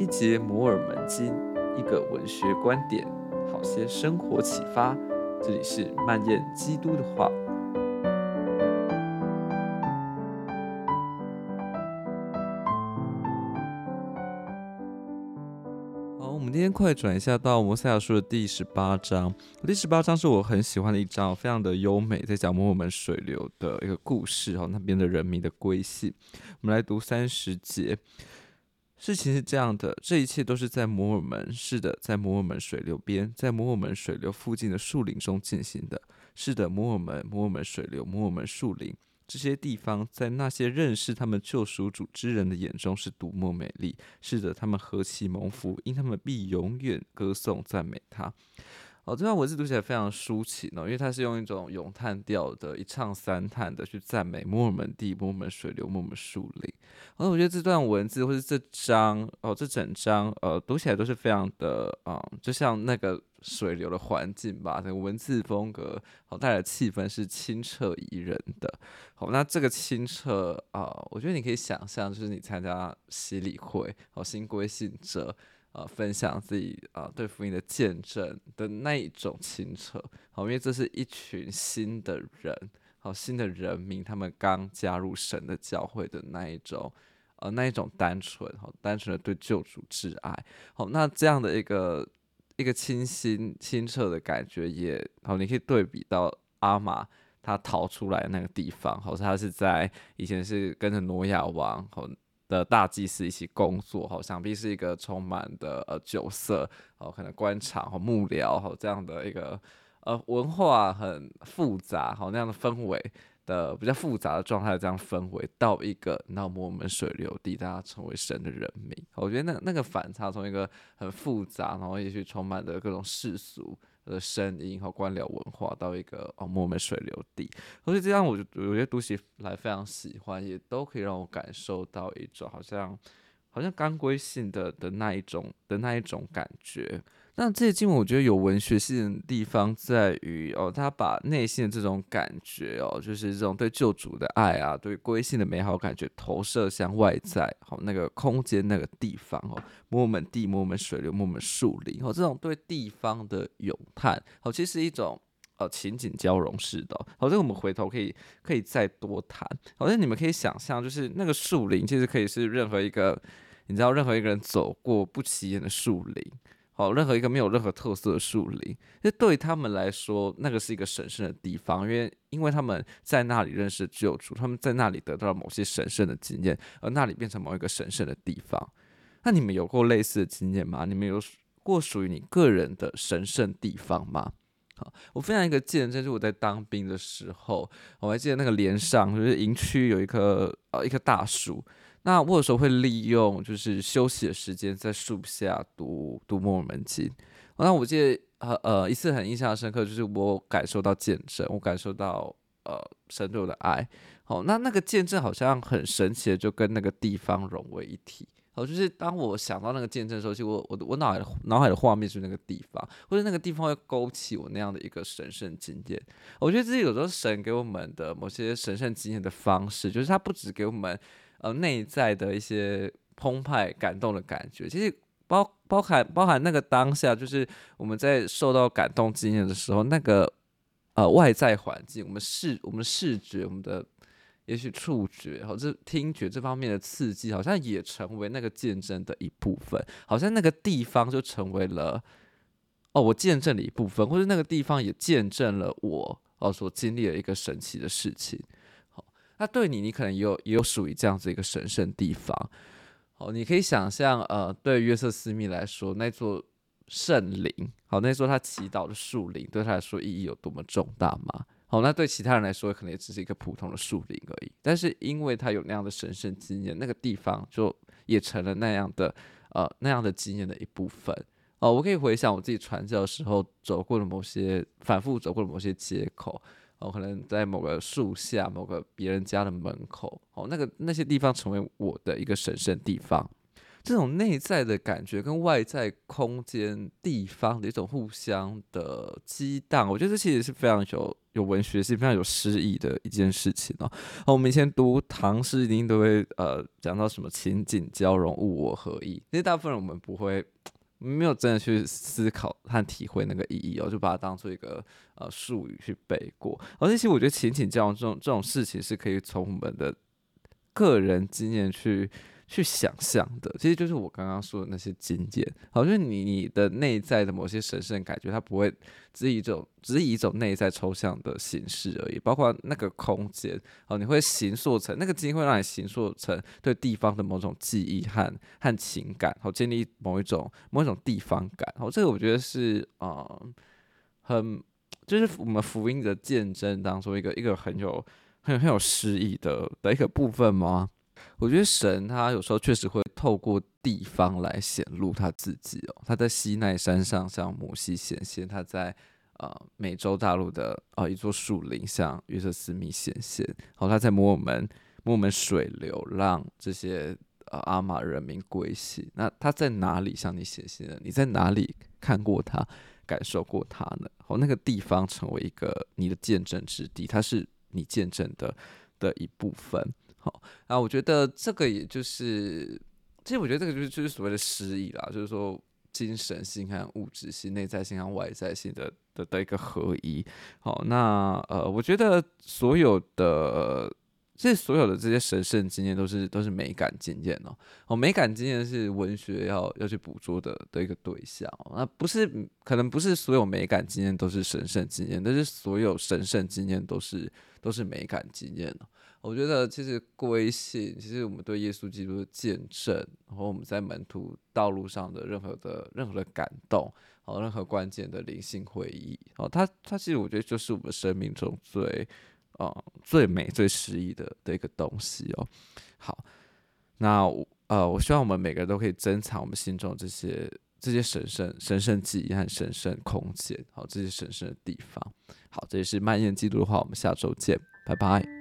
一節摩爾門經，一個文學觀點，好些生活啟發。這裡是漫念基督的話。好，我們今天快轉一下到摩賽亞書的第十八章。第十八章是我很喜歡的一章，非常的優美，在講摩爾門水流的一個故事哦。然後那邊的人民的歸信。我們來讀三十節。事情是這樣的，這一切都是在摩爾門，是的，在摩爾門水流邊，在摩爾門水流附近的樹林中進行的，是的，摩爾門，摩爾門水流，摩爾門樹林，這些地方在那些認識他們救贖主之人的眼中是多麼美麗！是的，他們何其蒙福，因他們必永遠歌頌讚美他。哦，這段文字讀起來非常抒情哦，因為它是用一種詠嘆調的、一唱三嘆的去讚美摩爾門地、摩爾門水流、摩爾門樹林。而、哦、我覺得這段文字或者這章哦，這整章呃，讀起來都是非常的啊、嗯，就像那個水流的環境吧，整個文字風格好、哦、帶來的氣氛是清澈宜人的。好、哦，那這個清澈啊、哦，我覺得你可以想象，就是你參加洗禮會，好、哦、新歸信者。呃，分享自己啊、呃、對福音的見證的那一種清澈，好，因為這是一群新的人，好，新的人民，他們剛加入神的教會的那一種，呃，那一種單純，好，單純的對救主摯愛，好，那這樣的一個一個清新清澈的感覺也，好，你可以對比到阿瑪他逃出來那個地方，好，他是在以前是跟着挪亞王，的大祭司一起工作，好，想必是一個充滿的呃酒色哦、呃，可能官場和、呃、幕僚哈、呃、這樣的一個呃文化很複雜哈、呃、那樣的氛圍的比較複雜的狀態，這樣氛圍到一個摩爾門水流地，大家成為神的人民，呃、我覺得那那個反差從一個很複雜，然後也許充滿着各種世俗。的聲音和、哦、官僚文化到一個哦，墨梅水流地，所以這樣我，我就有些讀起來非常喜歡，也都可以讓我感受到一種好像。好像剛歸信的的那一種的那一種感覺，那這些經文我覺得有文學性的地方在於哦，他把內心的這種感覺哦，就是這種對救主的愛啊，對歸信的美好感覺投射向外在哦，那個空間那個地方哦，摩爾門地、摩爾門水流、摩爾門樹林哦，這種對地方的詠嘆哦，其實是一種呃、哦、情景交融式的好、哦，這個我們回頭可以可以再多談，好、哦、像你們可以想象，就是那個樹林其實可以是任何一個。你知道，任何一個人走過不起眼的樹林，好，任何一個沒有任何特色的樹林，因對於他們來說，那個是一個神聖的地方，因為因為他們在那裡認識救主，他們在那裡得到了某些神聖的經驗，而那裡變成某一個神聖的地方。那你們有過類似的經驗嗎？你們有過屬於你個人的神聖地方嗎？好，我分享一個見證，就是我在當兵的時候，我還記得那個連上就是營區有一棵呃、啊、一棵大樹。那我有時候會利用就是休息的時間，在樹下讀讀《摩爾門經》。那我記得，呃呃，一次很印象深刻，就是我感受到見證，我感受到呃，神對我的愛。好，那那個見證好像很神奇地，就跟那個地方融為一體。好，就是當我想到那個見證的時候，其實我我的我腦海腦海的畫面就是那個地方，或者那個地方會勾起我那樣的一個神聖經驗。我覺得自己有時候神給我們的某些神聖經驗的方式，就是他不止給我們。呃，內在的一些澎湃感動的感覺，其實包包含包含那個當下，就是我們在受到感動經驗的時候，那個呃外在環境，我們視我們視覺，我們的也許觸覺或者聽覺這方面的刺激，好像也成為那個見證的一部分，好像那個地方就成為了哦，我見證了一部分，或者那個地方也見證了我哦所經歷了一個神奇的事情。那對你，你可能也有也有屬於這樣子一個神聖地方，好，你可以想象，呃，對約瑟斯密來說，那座聖林，好，那座他祈禱的樹林，對他來說意義有多麼重大嗎？好，那對其他人來說，可能也只是一個普通的樹林而已。但是因為他有那樣的神聖經驗，那個地方就也成了那樣的，呃，那樣的經驗的一部分。哦，我可以回想我自己傳教的時候走過的某些，反覆走過的某些街口。哦，可能在某個樹下、某個別人家的門口，哦，那個那些地方成為我的一個神聖地方。這種內在的感覺跟外在空間地方的一種互相的激盪，我覺得這其實是非常有有文學性、非常有詩意的一件事情哦。哦，我們以前讀唐詩一定都會呃講到什麼情景交融、物我合一，因為大部分人我們不會。沒有真的去思考和體會那個意義，哦，我就把它當做一個呃術語去背過。而且其實我覺得情景交融這種這種事情，是可以從我們的個人經驗去。去想象的，其實就是我剛剛說的那些經驗。好，就是你你的內在的某些神聖感覺，它不會只以一種，只以一種內在抽象的形式而已。包括那個空間，好，你會形塑成那個經驗，會讓你形塑成對地方的某種記憶和和情感，好，建立某一種某一種地方感。好，這個我覺得是啊、呃，很就是我們福音的見證當中一個一個很有很很有詩意的的一個部分嗎？我覺得神他有時候確實會透過地方來顯露他自己哦，他在西奈山上向摩西顯現，他在呃美洲大陸的呃一座樹林向約瑟斯密顯現，哦，他在摩爾門摩爾門水流讓這些呃阿瑪人民歸信。那他在哪裡向你顯現的？你在哪裡看過他、感受過他呢？哦，那個地方成為一個你的見證之地，它是你見證的的一部分。啊，我覺得這個也就是，其實我覺得這個就是就是所謂的詩意啦，就是說精神性和物質性、內在性和外在性的的的一個合一。好、哦，那呃，我覺得所有的這所有的這些神聖經驗都是都是美感經驗哦。哦，美感經驗是文學要要去捕捉的的一個對象、哦。那不是可能不是所有美感經驗都是神聖經驗，但是所有神聖經驗都是都是美感經驗哦。我覺得其實歸信，其實我們對耶穌基督的見證，和我們在門徒道路上的任何的任何的感動，和、哦、任何關鍵的靈性回憶，哦，它它其實我覺得就是我們生命中最、呃、最美最詩意的的一個東西哦。好，那呃，我希望我們每個人都可以珍藏我們心中的這些這些神聖神聖記憶和神聖空間，好、哦，這些神聖的地方。好，這裡是蔓延基督的話，我們下周見，拜拜。